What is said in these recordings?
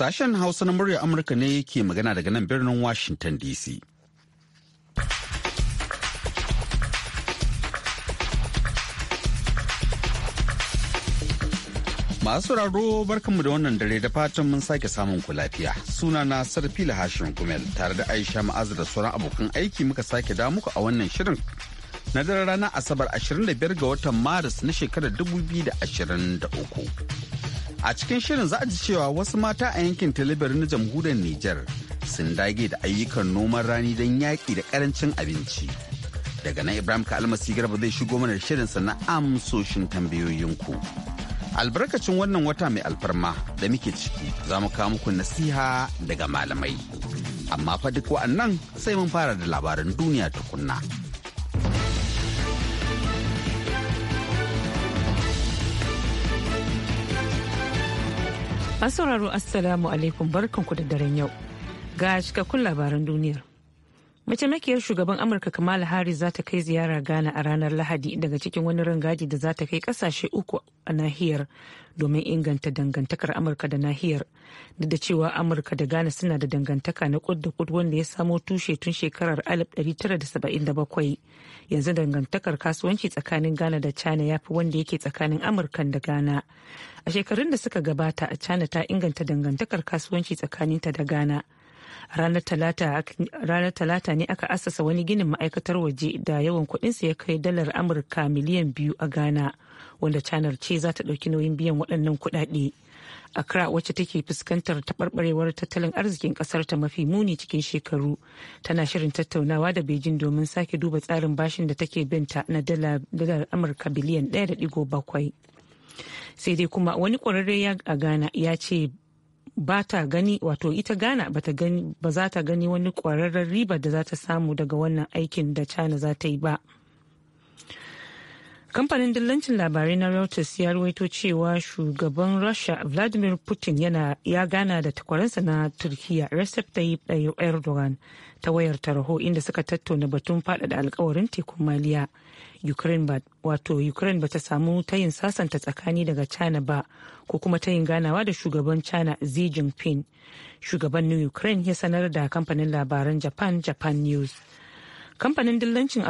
Sashen Hausa na muryar Amurka ne ke magana daga nan birnin Washington DC. Masu sauraro barkanmu da wannan dare da fatan mun sake samun ku lafiya. Suna na Sarfila hashin Kumel tare da Aisha Ma'azu da sauran abokan aiki muka sake da muku a wannan shirin na daren ranar Asabar 25 ga watan Maris na shekarar 2023. A cikin shirin za a ji cewa wasu mata a yankin Tilibir na jamhuriyar Nijar sun dage da ayyukan noman rani don yaƙi da ƙarancin abinci. Daga nan Ibrahim Kalmasi Garba zai shigo mana shirinsa na amsoshin tambayoyinku. Albarkacin wannan wata mai alfarma da muke ciki za mu kawo muku nasiha daga malamai. Amma fa duk wa'annan sai mun fara da labaran duniya tukunna. Masu sauraro Assalamu alaikum barkanku da daren yau. Ga cikakkun labaran duniyar. Mace makiyar shugaban Amurka Kamala Harris za ta kai ziyara Ghana a ranar Lahadi daga cikin wani rangaji da za ta kai kasashe uku a nahiyar domin inganta dangantakar Amurka da nahiyar. Duk da cewa Amurka da Ghana suna da dangantaka na kud da kud wanda ya samo tushe tun shekarar 1977. Yanzu dangantakar kasuwanci tsakanin Ghana da China ya fi wanda yake tsakanin Amurkan da Ghana. a shekarun da suka gabata a china ta inganta dangantakar kasuwanci tsakaninta da ghana ranar talata ne aka assasa wani ginin ma'aikatar waje da yawan kudinsa ya kai dalar amurka miliyan biyu a ghana wanda canar ce za ta ɗauki nauyin biyan waɗannan kuɗaɗe accra wacce take fuskantar taɓarɓarewar tattalin arzikin ƙasar ta mafi muni cikin shekaru tana shirin tattaunawa da beijing domin sake duba tsarin bashin da take binta na dalar amurka biliyan 1.7 sai dai kuma wani kwararre a ghana ya ce ba ta gani wato ita ghana ba za ta gani wani kwararren riba da za ta samu daga wannan aikin da china za ta yi ba kamfanin dillancin labarai na reuters ya ruwaito cewa shugaban russia vladimir putin yana ya gana da takwaransa na turkiya recep tayyip erdogan ta wayar tarho inda suka tattauna batun faɗaɗa alkawarin tekun maliya ukraine ba wato ukraine ba ta samu tayin sasanta tsakani daga china ba ko kuma tayin ganawa da shugaban china xi jinping shugaban new ukraine ya sanar da kamfanin labaran japan japan news kamfanin dillancin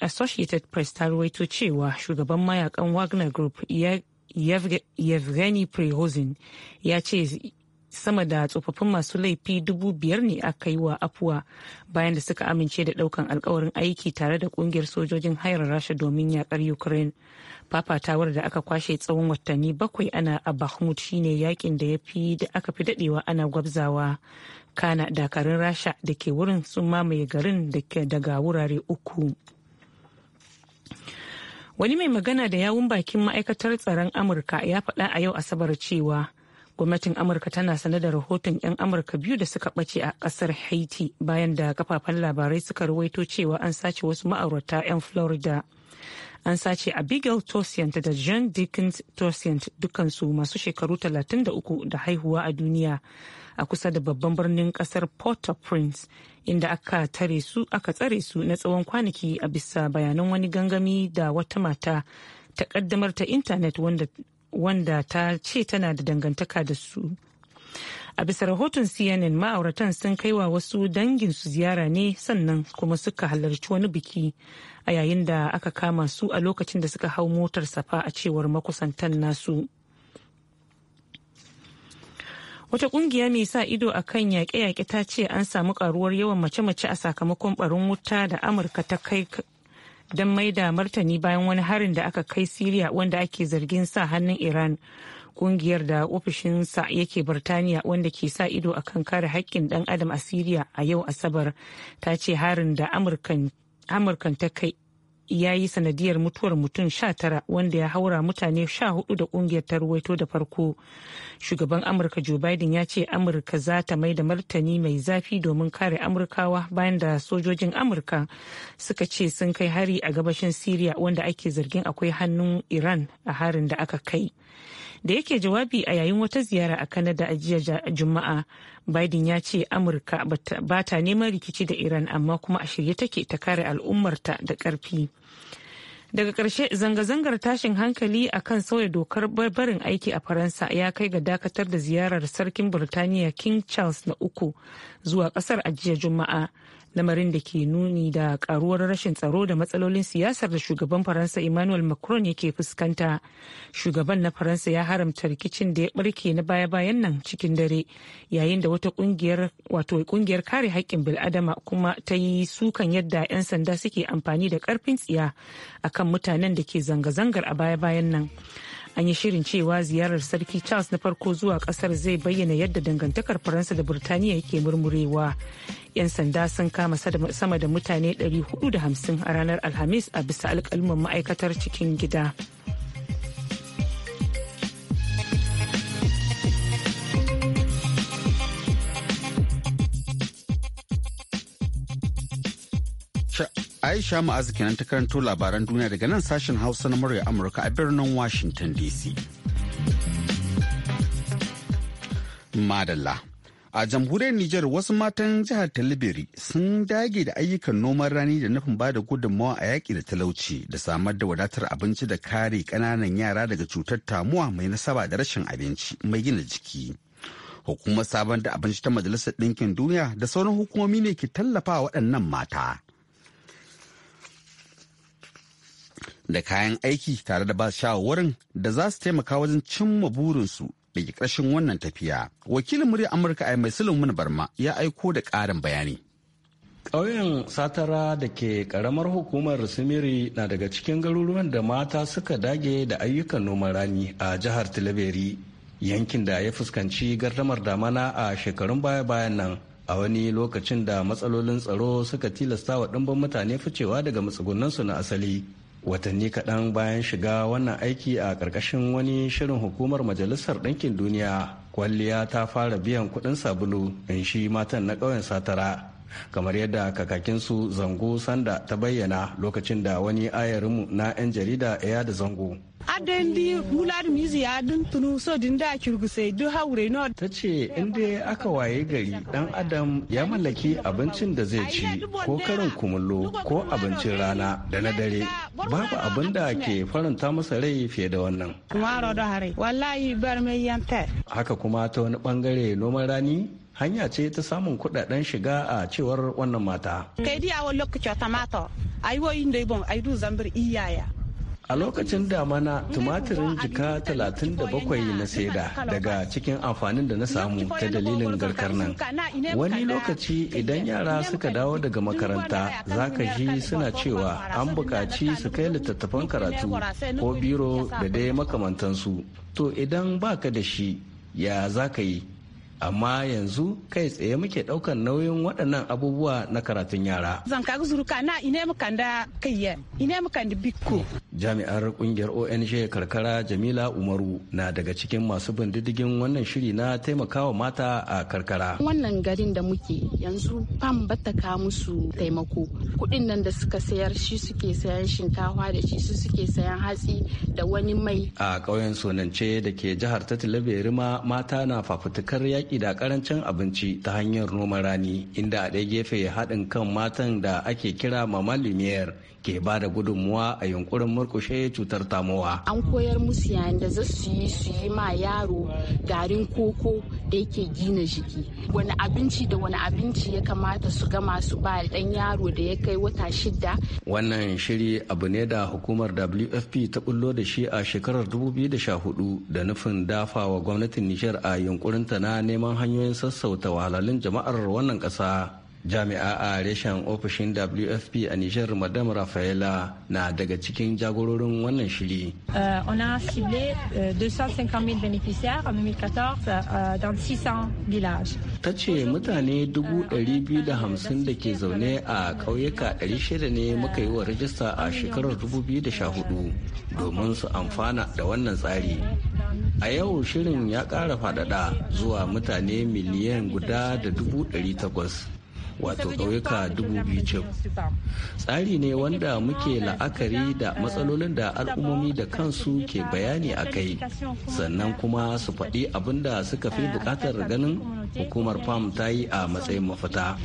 associated, press ta ruwaito cewa shugaban mayakan wagner group ya Yevgeny Prigozhin ya ce sama da tsofaffin masu laifi dubu biyar ne aka yi wa afuwa bayan da suka amince da daukan alkawarin aiki tare da kungiyar sojojin hayar rasha domin yakar ukraine fafatawar da aka kwashe tsawon watanni bakwai ana a bahmut shine yakin da ya fi da aka fi dadewa ana gwabzawa kana dakarun rasha da ke wurin sun mamaye garin da ke daga wurare uku wani mai magana da yawun bakin ma'aikatar tsaron amurka ya faɗa a yau asabar cewa gwamnatin amurka tana sanar da rahoton 'yan amurka biyu da suka ɓace a ƙasar haiti bayan da kafafen labarai suka ruwaito cewa an sace wasu ma'aurata 'yan florida an sace abigail tosiant da john dickens tosiant dukansu masu shekaru 33 da haihuwa a duniya a kusa da babban birnin kasar port-au-prince inda aka aka tsare su na tsawon kwanaki a bisa bayanan wani gangami da wata mata ta kaddamar ta intanet wanda wanda ta ce tana da dangantaka da su a bisa rahoton cnn ma'auratan sun kai wa wasu dangin su ziyara ne sannan kuma suka halarci wani biki a yayin da aka kama su a lokacin da suka hau motar safa a cewar makusantan nasu wata kungiya mai sa ido a kan yaƙe-yaƙe ta ce an samu karuwar yawan mace-mace a sakamakon barin wuta da amurka ta kai don da martani bayan wani harin da aka kai siriya wanda ake zargin sa hannun iran kungiyar da ofishinsa yake birtaniya wanda ke sa ido a kan kare haƙƙin ɗan adam a siriya a yau asabar ta ce harin da amurkan ta kai ya yi sanadiyar mutuwar mutum sha tara wanda ya haura mutane sha hudu da kungiyar ta ruwaito da farko shugaban amurka joe biden ya ce amurka za ta mai da martani mai zafi domin kare amurkawa bayan da sojojin amurka suka ce sun kai hari a gabashin syria wanda ake zargin akwai hannun iran a harin da aka kai da yake jawabi a yayin wata ziyara a Kanada a jiya Juma'a. Biden ya ce Amurka ba ta neman rikici da Iran amma kuma a shirye take ta kare al'ummarta da ƙarfi. Daga ƙarshe zanga-zangar tashin hankali a kan sauya dokar barin aiki a Faransa ya kai ga dakatar da ziyarar Sarkin burtaniya King Charles na uku zuwa ƙasar a jiya Juma'a. lamarin da ke nuni da karuwar rashin tsaro da matsalolin siyasar da shugaban faransa emmanuel macron yake fuskanta shugaban na faransa ya haramta rikicin da ya barke na baya-bayan nan cikin dare yayin da wata kungiyar kare haƙƙin bil'adama kuma ta yi sukan yadda 'yan sanda suke amfani da karfin tsiya akan mutanen da ke zanga-zangar a baya-bayan nan an yi shirin cewa ziyarar sarki charles na farko zuwa kasar zai bayyana yadda dangantakar faransa da burtaniya yake murmurewa yan sanda sun kama sama da mutane 450 a ranar alhamis a bisa alkalman ma'aikatar cikin gida Aisha Ma'azu kenan ta karanto labaran duniya daga nan sashen Hausa na murya Amurka a birnin Washington DC. Madalla. A jamhuriyar Nijar wasu matan jihar Talibiri sun dage da ayyukan noman rani da nufin ba da gudunmawa a yaƙi da talauci da samar da wadatar abinci da kare ƙananan yara daga cutar tamuwa mai nasaba da rashin abinci mai gina jiki. Hukumar sabon da abinci ta Majalisar Ɗinkin Duniya da sauran hukumomi ne ke tallafa waɗannan mata. da kayan aiki tare da ba shawarwarin da za su taimaka wajen cimma burinsu da ke ƙarshen wannan tafiya. Wakilin murya Amurka a mai Sulaiman Barma ya aiko da ƙarin bayani. Ƙauyen Satara da ke ƙaramar hukumar Simiri na daga cikin garuruwan da mata suka dage da ayyukan noman rani a jihar Tilaberi, yankin da ya fuskanci gardamar damana a shekarun baya-bayan nan a wani lokacin da matsalolin tsaro suka tilasta wa ɗimbin mutane ficewa daga matsugunansu na asali. watanni kaɗan bayan shiga wannan aiki a ƙarƙashin wani shirin hukumar majalisar ɗinkin duniya kwalliya ta fara biyan kuɗin sabulu in shi matan na ƙauyen satara kamar yadda kakakin su zango sanda ta bayyana lokacin da wani ayarinmu na 'yan jarida ya da zango adan di mular mizi ya dun tunu so din da kirguse duk haure no ta ce inda aka waye gari dan adam ya mallaki abincin da zai ci ko karin kumullo ko abincin rana da na dare babu abin da ke faranta masa rai fiye da wannan wallahi bar mai yanta haka kuma ta wani bangare noman rani hanya ce ta samun kudaden shiga a cewar wannan mata. Kai awon zambir iyaya. A lokacin damana tumatirin jika 37 na saida daga cikin amfanin da na samu ta dalilin garkar nan. Wani lokaci idan yara suka dawo daga makaranta za ka ji suna cewa an bukaci su kai littattafan karatu ko biro da dai makamantansu. To idan baka da shi ya za ka yi? amma yanzu kai tsaye muke daukan nauyin waɗannan abubuwa na karatun yara. Zan kaga zuruka na ine mukan da kayya ine mukan da bikko. Jami'ar kungiyar ONG karkara Jamila Umaru na daga cikin masu bindidigin wannan shiri na taimakawa mata a karkara. Wannan garin da muke yanzu fam bata ka musu taimako. Kuɗin nan da suka sayar shi suke sayan shinkafa da shi su suke sayan hatsi da wani mai. A ƙauyen Sonance da ke jihar Tatilaberi Rima mata na fafutukar yaƙi yaƙi da karancin abinci ta hanyar noman rani inda a ɗaya gefe haɗin kan matan da ake kira mama lumiere ke ba da gudunmuwa a yunkurin murkushe cutar tamowa. An koyar musu yayin da za su yi su yi ma yaro garin koko da yake gina jiki. Wani abinci da wani abinci ya kamata su gama su ba dan yaro da ya kai wata shida. Wannan shiri abu ne da hukumar WFP ta bullo da shi a shekarar 2014 da nufin dafa wa gwamnatin Nijar a yunkurinta na neman hanyoyin sassauta wahalhalun jama'ar wannan ƙasa. jami'a a reshen ofishin wfp a nijar madam rafaela na daga cikin jagororin wannan shiri uh, on a ciblé 250,000 uh, bénéficiaires en 2014 uh, dans 600 villages ta ce mutane 250 da ke zaune a ƙauyuka 600 ne muka yi wa rajista a shekarar 2014 domin su amfana da wannan tsari a yau shirin ya ƙara faɗaɗa zuwa mutane miliyan guda da dubu wato ƙauyuka dubu biyu ce tsari ne wanda muke la'akari da matsalolin da al'ummomi da kansu ke bayani a kai sannan kuma su faɗi abin da suka fi eh, buƙatar ganin hukumar fam ta yi a matsayin mafita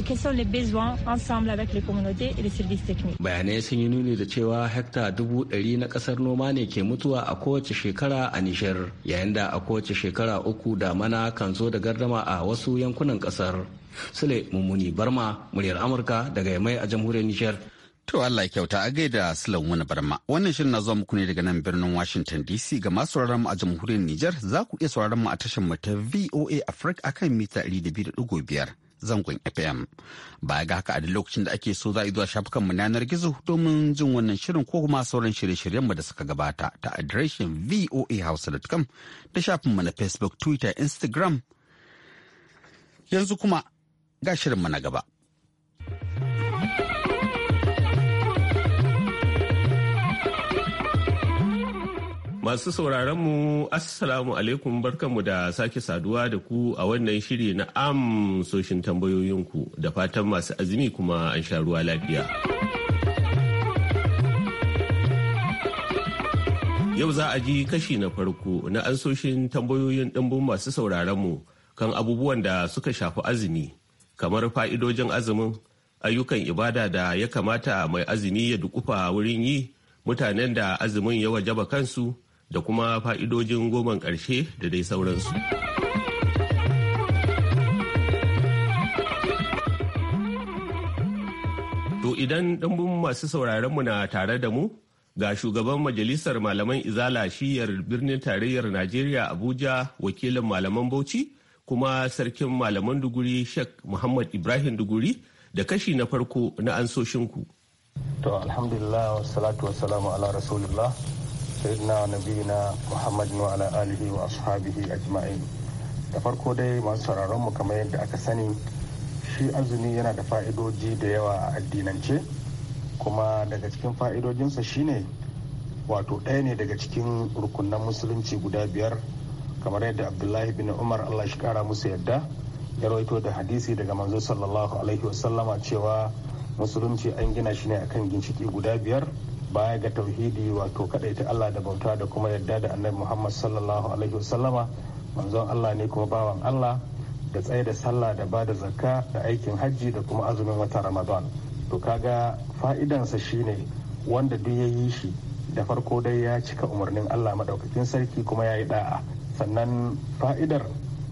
bayanai sun yi nuni da cewa hekta dubu ɗari na ƙasar noma ne ke mutuwa a kowace shekara a nishir yayin da a kowace shekara uku da mana kan zo da gardama a wasu yankunan ƙasar Sule Mummuni Barma muryar Amurka daga Yamai a jamhuriyar Nijar. To Allah kyauta a gaida Sule wani barma. Wannan shirin na zuwa muku ne daga nan birnin Washington DC ga masu sauraron mu a jamhuriyar Nijar za ku iya sauraron mu a tashar mu ta VOA Africa akan mita 200.5 zangon FM. Baya ga haka a duk lokacin da ake so za a zuwa shafukan mu yanar gizo domin jin wannan shirin ko kuma sauran shirye-shiryen mu da suka gabata ta adireshin voa hausa da shafin mu na Facebook, Twitter, Instagram. Yanzu kuma ga shirinmu na gaba. Masu sauraronmu, Assalamu alaikum barkanmu da sake saduwa da ku a wannan shiri na amsoshin tambayoyinku da fatan masu azumi kuma an sha ruwa lafiya. Yau za a ji kashi na farko na ansoshin tambayoyin ɗimbin masu sauraronmu kan abubuwan da suka shafi azumi. kamar fa'idojin azumin ayyukan ibada da ya kamata mai azumi ya dukufa wurin yi mutanen da azumin ya wajaba kansu da kuma fa'idojin goman ƙarshe da dai sauransu. To idan ɗumbin masu sauraronmu na tare da mu ga shugaban majalisar malaman izala shiyar birnin tarayyar Najeriya Abuja wakilin malaman Bauchi. kuma sarkin malaman duguri Sheikh Muhammad Ibrahim duguri da kashi na farko na ansoshinku. To alhamdulillah wa salamu ala rasulillah sayyidina na Muhammadin wa ala alihi wa ashabihi ajma'in. Da farko dai masu sauraron mu kamar yadda aka sani shi azumi yana da fa'idoji da yawa a addinance kuma daga cikin fa'idojinsa shine wato ɗaya ne daga cikin rukunan musulunci guda biyar kamar yadda abdullahi bin umar allah shi kara musu yadda ya rawaito da hadisi daga manzo sallallahu alaihi wasallama cewa musulunci an gina shi ne akan ginshiki guda biyar baya ga tauhidi wato ta allah da bauta da kuma yadda da annabi muhammad sallallahu alaihi wasallama manzon allah ne kuma bawan allah da tsaye da sallah da bada zakka da aikin hajji da kuma azumin wata ramadan to kaga fa'idansa shine wanda duk ya yi shi da farko dai ya cika umarnin allah madaukakin sarki kuma ya yi da'a sannan fa'idar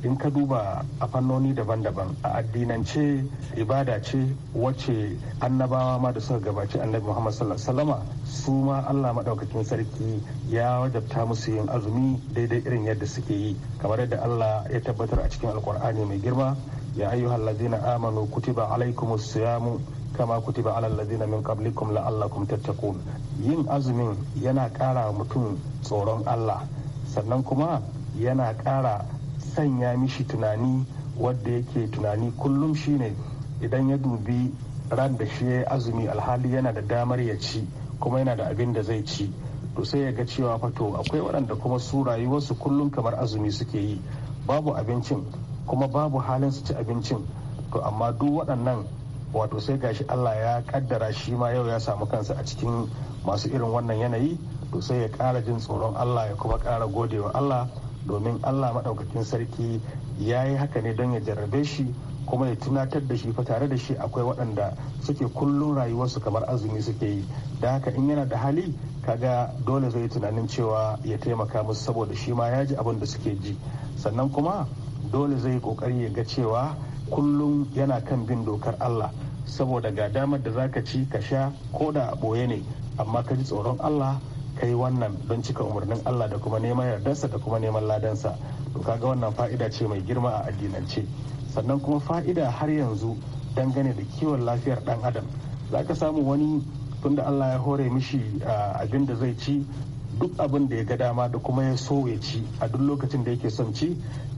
in ka duba a fannoni daban-daban a addinance ibada ce wacce annabawa ma da suka gabaci annabi muhammad sallallahu alaihi su ma allah maɗaukakin sarki ya wajabta musu yin azumi daidai irin yadda suke yi kamar yadda allah ya tabbatar a cikin alkur'ani mai girma ya ayyuhal lazina amanu kutiba alaikum siyamu kama kutiba alal ladina min qablikum la'allakum tattaqun yin azumin yana ƙara mutum tsoron allah sannan kuma yana ƙara sanya mishi tunani wadda yake tunani kullum shine idan ya dubi ran da shi ya azumi alhali yana da damar ya ci kuma yana da abin da zai ci to sai ya ga cewa fato akwai waɗanda kuma su wasu kullum kamar azumi suke yi babu abincin kuma babu halin su ci abincin to amma duk waɗannan wato sai gashi Allah ya kaddara shi ma yau ya samu kansa a cikin masu irin wannan yanayi to sai ya ƙara jin tsoron Allah ya kuma ƙara godewa Allah domin allah maɗaukakin sarki ya yi haka ne don ya jarrabe shi kuma ya tunatar da shi fa tare da shi akwai waɗanda suke kullum rayuwarsu kamar azumi suke yi da haka in yana da hali kaga dole zai tunanin cewa ya taimaka musu saboda shi ma ya ji abin da suke ji sannan kuma dole zai yi kokari ya ga cewa kullum yana kan bin dokar allah saboda ga damar da za ka ci ka sha ko da a ɓoye ne amma ka ji tsoron allah kai wannan don cika umarnin Allah da kuma neman yardarsa da kuma neman ladansa to kaga wannan fa'ida ce mai girma a addinance sannan kuma fa'ida har yanzu dangane da kiwon lafiyar dan adam za ka samu wani tunda Allah ya hore mishi abin da zai ci duk abin da ya ga dama da kuma ya so ya ci a duk lokacin da yake son ci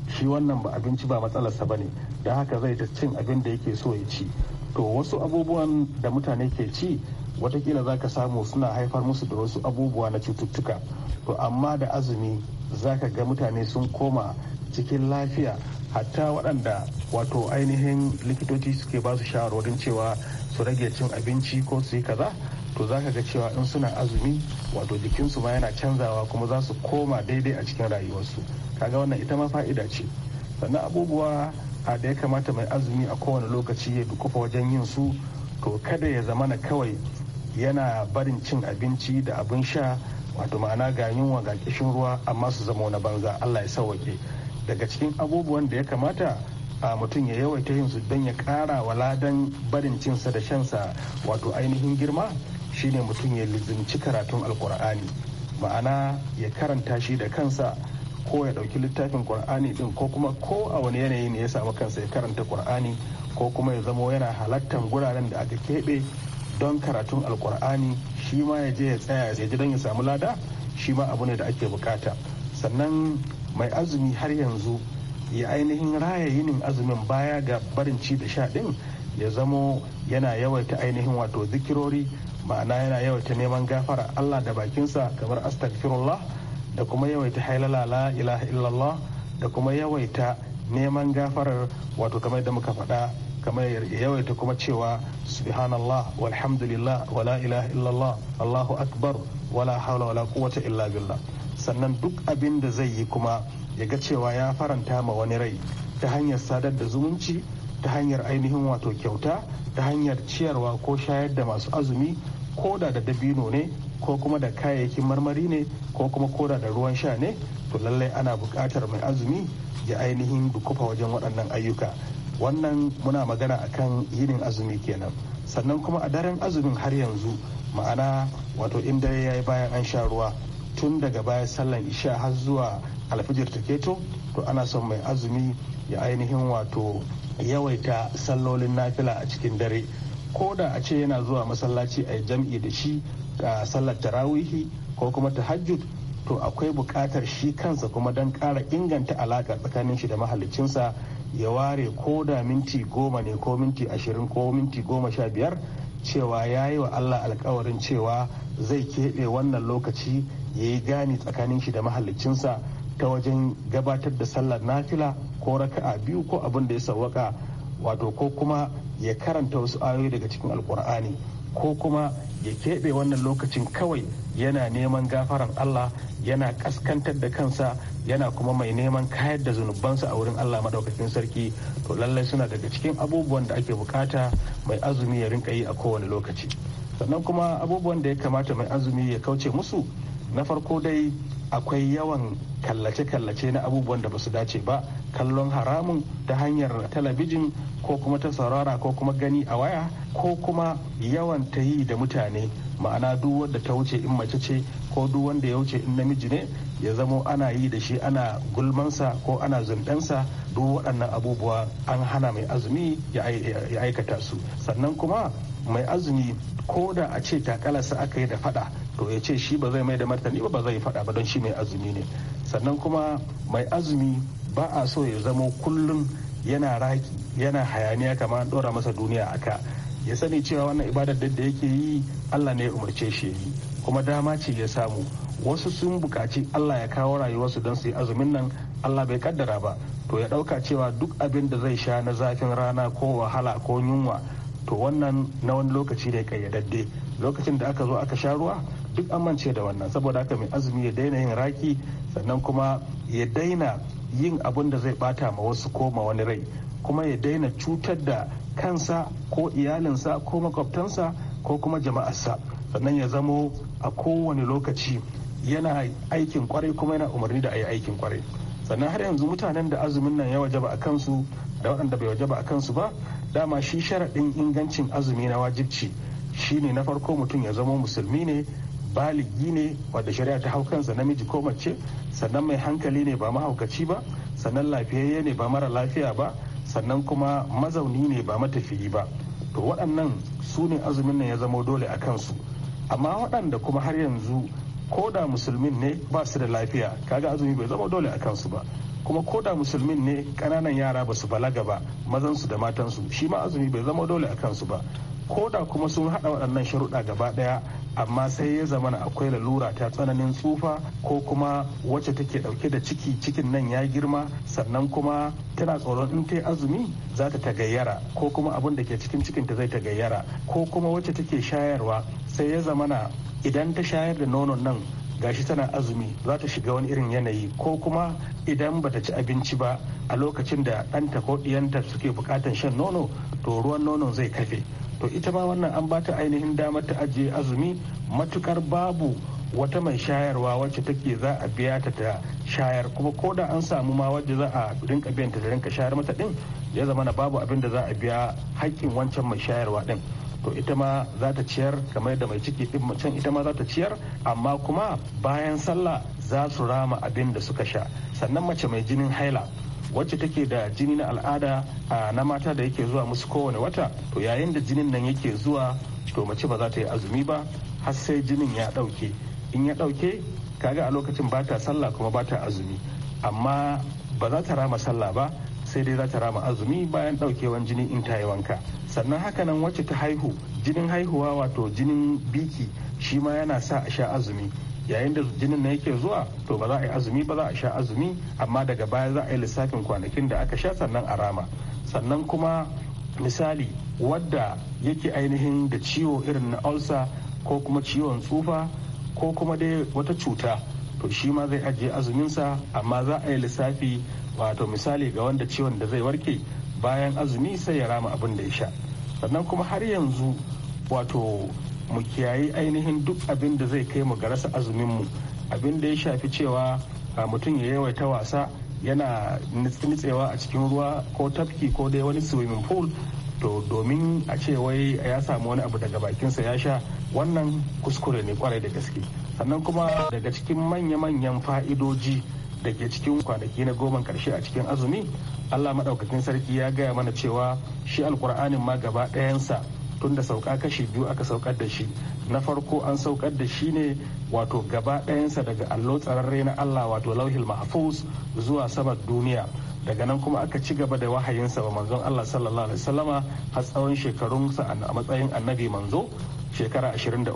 shi wannan ba abinci ba matsalarsa ba ne da haka zai ta cin abin da yake so ya ci to wasu abubuwan da mutane ke ci watakila za ka samu suna haifar musu da wasu abubuwa na cututtuka to amma da azumi za ka ga mutane sun koma cikin lafiya hatta waɗanda wato ainihin likitoci suke ba su shawarwarin cewa su rage cin abinci ko su yi kaza to za ka ga cewa in suna azumi wato jikinsu ma yana canzawa kuma za su koma daidai a cikin rayuwarsu kaga wannan ita ma fa'ida ce sannan abubuwa a da ya kamata mai azumi a kowane lokaci ya dukufa wajen yin su to kada ya zamana kawai yana barin cin abinci da abin sha wato ma'ana ga yunwa ga kishin ruwa amma su zama na banza allah ya sauwake daga cikin abubuwan da ya kamata a mutum ya yawaita yin su don ya kara wa ladan barin cinsa da shansa wato ainihin girma shine mutum ya lizinci karatun alkur'ani ma'ana ya karanta shi da kansa ko ya ɗauki littafin qur'ani din ko kuma ko a wani yanayi ne ya samu kansa ya karanta Kur'ani ko kuma ya zamo yana halattan guraren da aka keɓe don karatun alkur'ani shi ma ya je ya tsaya ya ji don ya samu lada shi ma abu ne da ake bukata sannan mai azumi har yanzu ya ainihin raya yinin azumin baya ga barin ci da sha din ya zamo yana yawaita ainihin wato zikirori ma'ana yana yawaita neman gafara Allah da bakinsa kamar astagfirullah da kuma yawaita hailala la ilaha illallah da kuma yawaita neman gafarar wato kamar da muka faɗa kamar yawaita kuma cewa subhanallah walhamdulillah wala ilaha illallah allahu akbar wala hawla wala quwwata illa billah sannan duk abin da zai yi kuma ya ga cewa ya faranta ma wani rai ta hanyar sadar da zumunci ta hanyar ainihin wato kyauta ta hanyar ciyarwa ko shayar da masu azumi ko da da dabino ne ko kuma da kayayyakin marmari ne ko kuma koda da ruwan sha ne to lallai ana bukatar mai azumi ya ainihin dukufa wajen waɗannan ayyuka wannan muna magana a kan yinin azumi kenan sannan kuma a daren azumin har yanzu ma'ana wato in dare ya yi bayan an sha ruwa tun daga bayan sallan isha har zuwa alfijir ta keto to ana son mai azumi ya ainihin wato yawaita sallolin nafila a cikin dare ko da a ce yana zuwa masallaci a jam'i da shi a sallar tarawihi ko kuma tahajjud to akwai bukatar shi kansa kuma don ƙara inganta alaƙa tsakanin shi da mahallicinsa ya ware ko da minti goma ne ko minti ashirin ko minti goma sha biyar cewa ya yi wa allah alkawarin cewa zai keɓe wannan lokaci ya yi gani tsakanin shi da mahallicinsa ta wajen gabatar da sallar nafila ko raka'a biyu ko abin da ya sawwaka wato ko kuma ya karanta wasu ayoyi daga cikin alkur'ani ko kuma ya keɓe wannan lokacin kawai yana neman gafaran Allah yana kaskantar da kansa yana kuma mai neman kayar da zunubansa a wurin Allah madaukakin sarki to lallai suna daga cikin abubuwan da ake bukata mai azumi ya rinka yi a kowane lokaci sannan kuma abubuwan da ya kamata mai azumi ya kauce musu na farko dai akwai yawan kallace-kallace na abubuwan da ba su dace ba kallon haramun ta hanyar talabijin ko kuma ta saurara ko kuma gani a waya ko kuma yawan ta yi da mutane ma'ana duk wanda ta wuce in mace ce ko duk wanda ya wuce in namiji ne ya zamo ana yi da shi ana gulmansa ko ana zundansa duk waɗannan abubuwa an hana mai azumi ya aikata su sannan kuma mai azumi ko da a ce takalarsa aka yi da fada to ya ce shi ba zai mai da martani ba ba zai fada ba don shi mai azumi ne sannan kuma mai azumi ba a so ya zama kullum yana raki yana hayaniya kamar dora masa duniya aka. ya sani cewa wannan ibadar da yake yi allah ne ya umarce shi yi kuma dama ce ya samu wasu sun bukaci allah ya kawo rayuwarsu don su yi azumin nan allah bai kaddara ba to ya ɗauka cewa duk abin da zai sha na zafin rana ko wahala ko yunwa to wannan na wani lokaci da ya kayyadadde lokacin da aka zo aka sha ruwa duk amince da wannan saboda haka mai azumi ya daina yin raki sannan kuma ya daina yin abin da zai bata ma wasu ko ma wani rai kuma ya daina cutar da kansa ko iyalinsa ko makwabtansa ko kuma jama'arsa sannan ya zamo a kowane lokaci yana aikin kwarai kuma yana umarni da a yi aikin kwarai sannan har yanzu mutanen da azumin nan ya wajaba a kansu da waɗanda bai wajaba a kansu ba dama shi sharaɗin ingancin azumi na wajibci shine na farko mutum ya zamo musulmi ne baligi ne wadda shari'a ta hau kansa namiji ko mace sannan mai hankali ne ba mahaukaci ba sannan lafiyayye ne ba mara lafiya ba sannan kuma mazauni ne ba matafiyi ba to waɗannan su ne azumin nan ya zama dole a kansu amma waɗanda kuma har yanzu ko da musulmin ne ba su da lafiya kaga azumi bai zama dole a kansu ba kuma ko da musulmin ne ƙananan yara ba su balaga ba mazansu da matansu shi ma azumi bai zama dole a kansu ba ko da kuma sun hada waɗannan sharuɗa gaba ɗaya amma sai ya zamana akwai lalura ta tsananin tsufa ko kuma wacce take ɗauke da ciki cikin nan ya girma sannan kuma tana tsoron in ta azumi za ta tagayyara ko kuma abin da ke cikin cikin ta zai tagayyara ko kuma wacce take shayarwa sai ya zamana idan ta shayar da nonon nan gashi tana azumi za ta shiga wani irin yanayi ko kuma idan bata ci abinci ba a lokacin da ɗanta ko ɗiyanta suke bukatan shan nono to ruwan nonon zai kafe to ita ma wannan an bata ainihin damar ta ajiye azumi matukar babu wata mai shayarwa wacce take za a biya ta ta shayar kuma ko da an samu ma wacce za a rinka biyan ta da rinka shayar mata din ya zama na babu abin da za a biya hakkin wancan mai shayarwa din to ita ma za ta ciyar kamar da mai ciki din mutum ita ma za ta ciyar amma kuma bayan sallah za su rama abin da suka sha sannan mace mai jinin haila wacce take da jini na al'ada na mata da yake zuwa musu kowane wata to yayin da jinin nan yake zuwa to mace ba za ta yi azumi ba har sai jinin ya ɗauke in ya ɗauke kaga a lokacin ba ta sallah kuma ba ta azumi amma ba za ta rama sallah ba sai dai za ta rama azumi bayan ɗaukewan jini in ta yi wanka sannan hakanan wacce ta haihu jinin haihuwa wato jinin biki shi ma yana sa a sha azumi yayin da jinin na yake zuwa to ba za a yi azumi ba za a sha azumi amma daga baya za a yi lissafin kwanakin da aka sha sannan a rama sannan kuma misali wadda yake ainihin da ciwo irin na ulcer ko kuma ciwon tsufa ko kuma dai wata cuta to shi ma zai ajiye azuminsa amma za a yi lissafi wato misali ga wanda ciwon da zai warke bayan azumi sai ya rama abin da ya sha sannan kuma har yanzu wato mu kiyayi ainihin duk abin da zai kai mu ga rasa azumin mu abin da ya shafi cewa mutum ya yawaita wasa yana nitsewa a cikin ruwa ko tafki ko dai wani swimming pool to domin a ce wai ya samu wani abu daga bakinsa ya sha wannan kuskure ne kwarai da gaske sannan kuma daga cikin manya-manyan fa'idoji da ke cikin kwanaki na goma karshe a cikin azumi allah maɗaukakin sarki ya gaya mana cewa shi alkur'anin ma gaba ɗayansa tun da sauka kashi biyu aka saukar da shi na farko an saukar da shi ne wato gaba ɗayansa daga allo tsararre na allah wato lauhil mahfuz zuwa saman duniya daga nan kuma aka ci gaba da wahayinsa wa manzon allah sallallahu alaihi wasallama har tsawon shekarunsa a matsayin annabi manzo shekara 23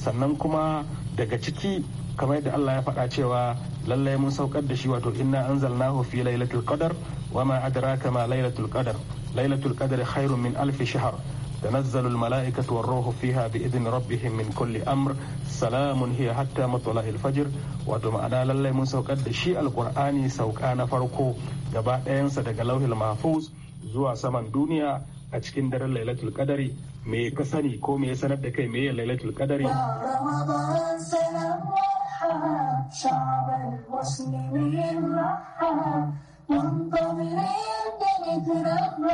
sannan kuma daga ciki kamar yadda Allah ya faɗa cewa lallai mun saukar da shi wato inna anzalnahu fi lailatul qadar wa ma adraka ma lailatul qadar lailatul qadar khairun min alfi shahr تنزل الملائكة والروح فيها بإذن ربهم من كل أمر سلام هي حتى مطلع الفجر وتم أنا لله من سوق الدشي القرآن سوق أنا فرقه جباء أنسى تقلوه المحفوظ زوا سمن دونيا أتشكين در ليلة القدر مي كسني كومي سند كي مي ليلة القدر شعب المسلمين رحا منتظرين تتربى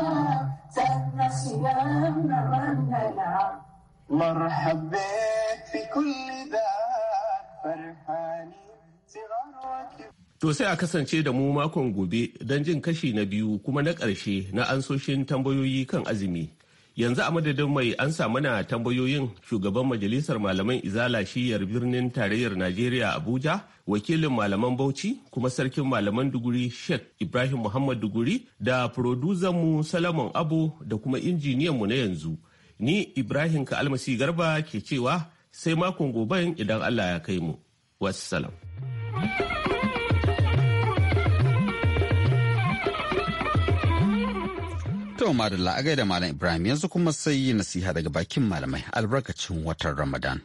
To sai a kasance da mu makon gobe don jin kashi na biyu kuma na ƙarshe na ansoshin tambayoyi kan azumi. yanzu a madadin mai an samu na tambayoyin shugaban majalisar malaman izala shiyar birnin tarayyar najeriya abuja wakilin malaman bauchi kuma sarkin malaman duguri sheikh ibrahim muhammad duguri da mu salaman abu da kuma injiniyanmu na yanzu ni ibrahim ka almasi garba ke cewa sai makon gobe idan allah ya kai mu wassalam. To madalla a gaida malam Ibrahim yanzu kuma sai yi nasiha daga bakin malamai albarkacin watan Ramadan.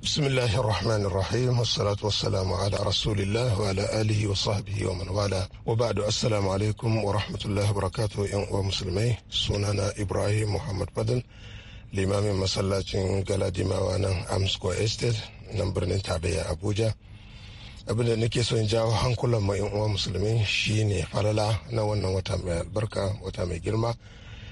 Bismillahi rahmani rahim wassalatu ala rasulillah wa alihi wa sahbihi wa man wa ba'du assalamu alaikum wa rahmatullahi wa yan uwa musulmai sunana Ibrahim Muhammad Fadl limamin masallacin Galadima nan Amsco Estate nan birnin Tarayya Abuja. abin da nake son jawo hankulan mai uwa musulmi shine falala na wannan wata mai albarka wata mai girma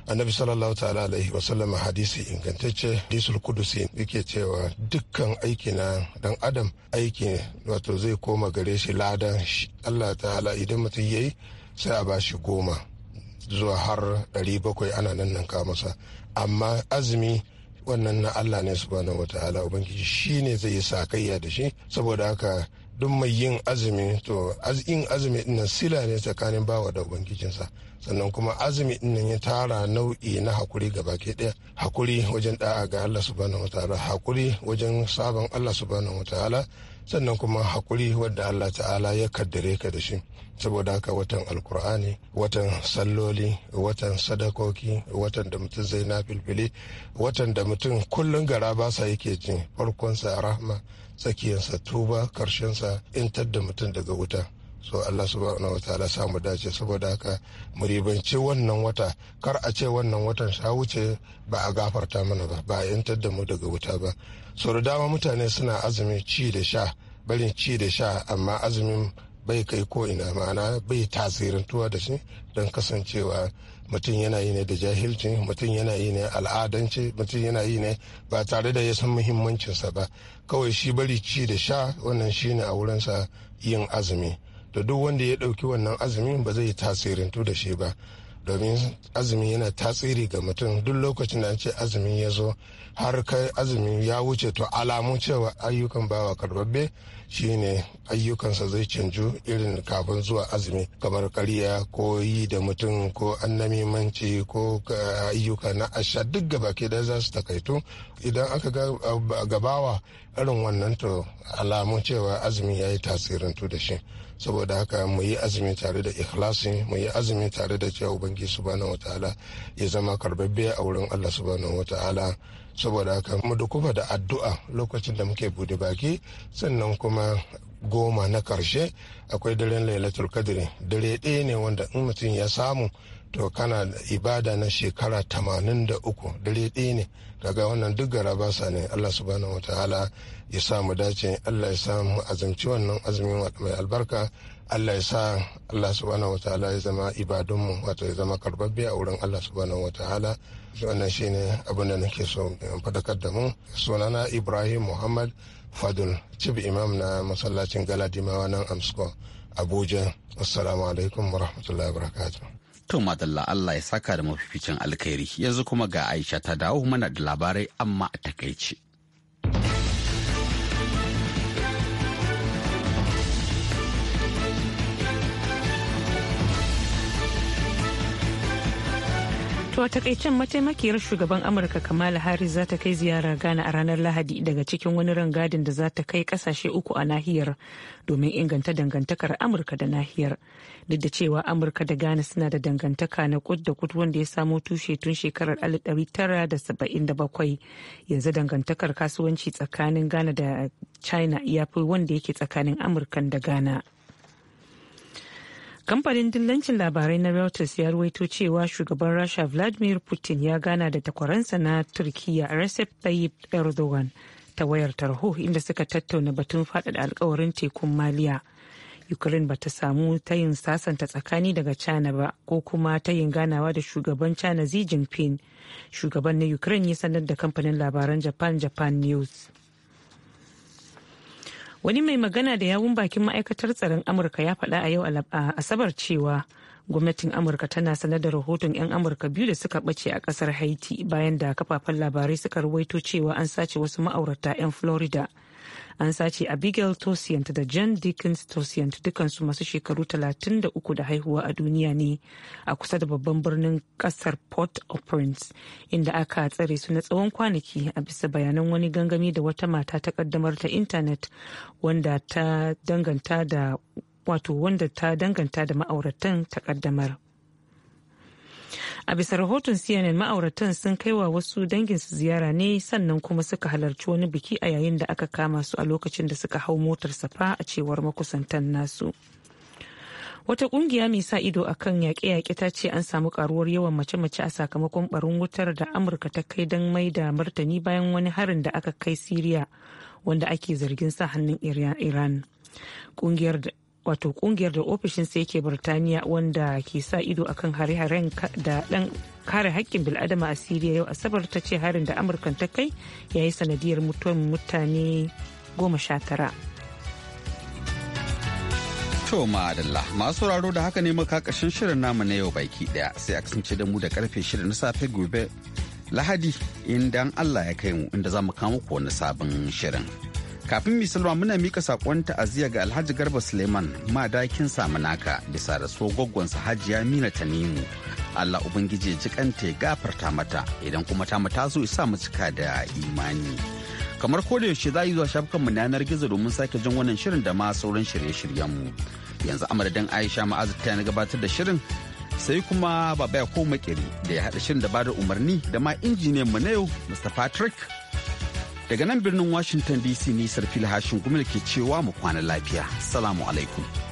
annabi sallallahu ta'ala alaihi sallama hadisi ingantacce hadisul kudusi yake cewa dukkan aiki na dan adam aiki wato zai koma gare shi ladan Allah ta'ala idan mutum yayi sai a bashi goma zuwa har ɗari bakwai ana nan nan masa amma azumi wannan na Allah ne subhanahu ta'ala ubangiji shine zai yi sakayya da shi saboda haka duk mai yin azumi to yin azumi dinnan sila ne tsakanin bawa da ubangijinsa sannan kuma azumi dinnan ya tara nau'i na hakuri ga baki ɗaya hakuri wajen da'a ga Allah subhanahu wataala hakuri wajen sabon Allah subhanahu wataala sannan kuma hakuri wadda Allah ta'ala ya kaddare ka da shi saboda haka watan alkur'ani watan salloli watan sadakoki watan da mutum zai na filfili watan da mutum kullum gara ba sa yake jin farkonsa rahma tsakiyarsa tuba karshensa intar da mutum daga wuta so Allah subhanahu wataala sa mu dace saboda haka muribanci wannan wata kar a ce wannan watan sha wuce ba a gafarta mana ba ba a yantar da mu daga wuta ba so da dama mutane suna azumin ci da sha barin ci da sha amma azumin bai kai ko ina ma'ana bai tasirin tuwa da shi don kasancewa mutum yana yi ne da jahilci mutum yana yi ne al'adanci mutum yana yi ne ba tare da ya san muhimmancinsa ba kawai shi bari ci da sha wannan shi ne a wurinsa yin azumi da duk wanda ya ɗauki wannan azumin ba zai tu da shi ba domin azumi yana tasiri ga mutum duk lokacin da an ce azumin ya zo har kai azumi ya wuce to alamun cewa ayyukan bawa karbabbe shine ayyukansa zai canju irin kafin zuwa azumi kamar karya ko yi da mutum ko annamimanci ko ayyuka na asha duk ke da za su takaitu idan aka gabawa irin wannan to alamun cewa azumi ya yi tasirin da shi saboda haka mu yi azumi tare da ikhlasi mu yi azumi tare da cewa ubangi subhanahu wataala ya zama karbabbe a wurin Allah subhanahu wataala saboda haka mu dukufa da addu'a lokacin da muke bude baki sannan kuma goma na karshe akwai daren lailatul kadiri dare ɗaya ne wanda in mutum ya samu to kana ibada na shekara 83 dare ɗaya ne daga wannan duk gara ba sa ne Allah subhanahu wataala ya sa mu dace Allah ya sa mu azumci wannan azumin mai albarka Allah ya sa Allah subhanahu wataala ya zama ibadunmu wato ya zama karbabbe a wurin Allah subhanahu wataala wannan shine abin da nake so in fadakar da mu sunana Ibrahim Muhammad Fadul cib imam na masallacin Galadimawa nan Amsko Abuja assalamu alaikum warahmatullahi wabarakatuh To madalla Allah ya saka da mafificin alkhairi yanzu kuma ga Aisha ta dawo mana da labarai amma a takaici. To takaicen mataimakiyar shugaban Amurka Kamala Harris za ta kai ziyara Ghana a ranar Lahadi daga cikin wani rangadin da za ta kai kasashe uku a nahiyar domin inganta dangantakar Amurka da nahiyar. Duk da cewa Amurka da Ghana suna da dangantaka na kud da kud wanda ya samo tushe tun shekarar 1977 yanzu dangantakar kasuwanci tsakanin Ghana da China ya fi wanda yake tsakanin Amurkan da Ghana. Kamfanin dillancin labarai na Reuters ya ruwaito cewa shugaban Rasha Vladimir Putin ya gana da takwaransa na Turkiyya Recep Tayyip Erdogan ta wayar tarho inda suka tattauna batun faɗaɗa alkawarin tekun Maliya. Ukraine ba ta samu tayin sasanta tsakani daga China ba ko kuma tayin ganawa da shugaban China Xi Jinping. Shugaban na Ukraine ya sanar da kamfanin labaran Japan Japan News. wani mai magana da yawun bakin ma'aikatar tsaron amurka ya faɗa a yau a asabar cewa gwamnatin amurka tana sanar da rahoton 'yan amurka biyu da suka ɓace a kasar haiti bayan da kafafen labarai suka ruwaito cewa an sace wasu ma'aurata 'yan florida an sace abigail tosiant da john dickens tosiant dukansu masu shekaru 33 da haihuwa a duniya ne a kusa da babban birnin kasar port au prince inda aka tsare su na tsawon kwanaki a bisa bayanan wani gangami da wata mata ta kaddamar ta intanet wanda wato wanda ta danganta da ma'auratan ta kaddamar a bisa rahoton cnn ma'auratan sun kai wa wasu dangin su ziyara ne sannan kuma suka halarci wani biki a yayin da aka kama su a lokacin da suka hau motar safa a cewar makusantan nasu wata kungiya mai sa ido a kan yaƙe-yaƙe ta ce an samu karuwar yawan mace-mace a sakamakon barin wutar da amurka ta kai don mai da martani bayan wani harin da aka kai siriya wanda ake zargin sa hannun iran wato kungiyar da ofishinsa yake birtaniya wanda ke sa ido akan hare-haren da dan kare hakkin bil'adama a siriya yau asabar ta ce harin da amurkan ta kai ya yi sanadiyar mutuwar mutane goma sha tara To ma'adalla masu sauraro da haka ne kashin shirin namu na yau baki daya sai a kasance da mu da karfe shirin na safe gobe lahadi idan Allah ya kai mu inda za mu kama wani sabon shirin. kafin misalwa muna mika sakon ta'aziyya ga alhaji garba suleiman madakin samunaka bisa da so sa hajiya mina tanimu allah ubangiji ji kanta ya gafarta mata idan kuma ta mata zo isa mu cika da imani kamar ko yaushe za yi zuwa shafukanmu na yanar gizo domin sake jin wannan shirin da ma sauran shirye mu yanzu amadadin aisha ma'azu ta na gabatar da shirin sai kuma baba ya ko makeri da ya haɗa shirin da bada umarni da ma injiniyan mu na yau mr patrick Daga nan birnin Washington DC ne Sarfil Hashin Gumil ke cewa mu kwana lafiya. Salamu alaikum.